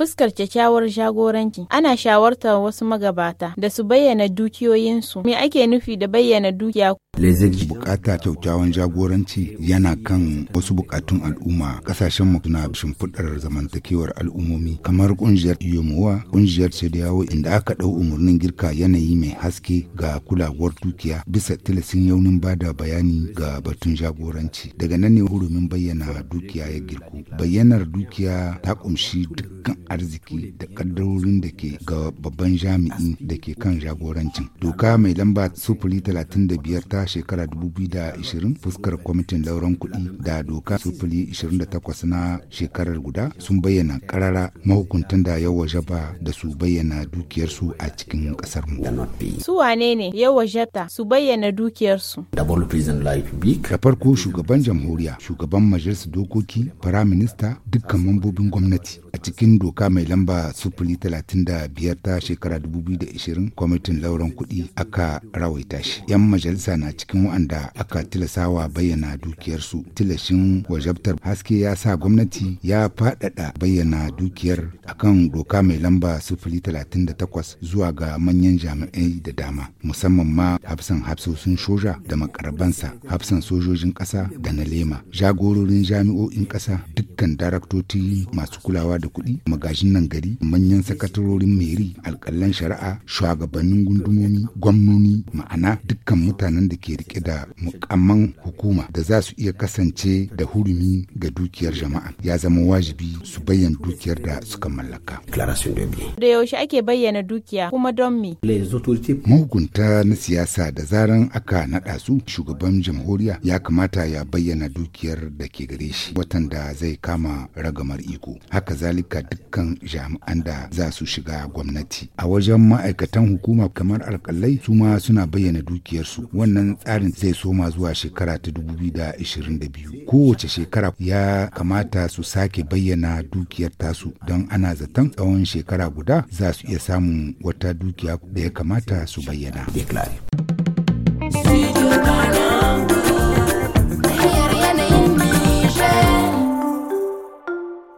fuskar kyakkyawar jagoranci ana shawartar wasu magabata da su bayyana dukiyoyinsu me ake nufi da bayyana dukiya Bukata kyautawan jagoranci yana kan wasu bukatun al'umma kasashen mu na shimfiɗar zamantakewar al'ummomi kamar kungiyar yomowa kungiyar yawo inda aka ɗau umarnin girka yanayi mai haske ga kulawar dukiya bisa tilasin yaunin bada bayani ga batun jagoranci daga nan ne hurumin bayyana dukiya ya girku bayyanar dukiya ta kumshi dukkan arziki da kaddarorin da ke ga babban jami'in da ke kan jagorancin doka mai lamba sufuri talatin da biyar ta shekara 2020 fuskar kwamitin lauran kuɗi da doka sufuri 28 na shekarar guda sun bayyana karara mahukuntan da yawa jaba da su bayyana dukiyarsu a cikin ƙasar mu. Su wane ne yawa jata su bayyana dukiyarsu? Da farko shugaban jamhuriya, shugaban majalisar dokoki, fara minista dukkan mambobin gwamnati a cikin doka mai lamba sufuri 35 ta shekara 2020 kwamitin lauran kuɗi aka rawaita shi. 'Yan majalisa na cikin waɗanda aka tilasawa bayyana dukiyarsu tilashin wajabtar haske ya sa gwamnati ya faɗaɗa bayyana dukiyar akan doka mai lamba sifili talatin da takwas zuwa ga manyan jami'ai da dama musamman ma hafsan hafsosin soja da makarabansa hafsan sojojin ƙasa da na lema jagororin jami'o'in ƙasa dukkan daraktoci masu kulawa da kuɗi magajin nan gari manyan sakatarorin meri alƙalan shari'a shugabannin gundumomi gwamnoni ma'ana dukkan mutanen da ke ke rike da mukamman hukuma da za su iya kasance da hurumi ga dukiyar jama'a ya zama wajibi su bayyana dukiyar da suka mallaka. Da yaushe ake bayyana dukiya kuma don me? Mahukunta na siyasa da zaran aka naɗa su shugaban jamhuriya ya kamata ya bayyana dukiyar da ke gare shi watan da zai kama ragamar iko. Haka zalika dukkan jami'an da za su shiga gwamnati. A wajen ma'aikatan hukuma kamar alkalai su ma suna bayyana dukiyarsu wannan wannan tsarin zai soma zuwa shekara ta 2022 kowace shekara ya kamata su sake bayyana dukiyar tasu don ana zaton tsawon shekara guda za su iya samun wata dukiya da ya kamata su bayyana.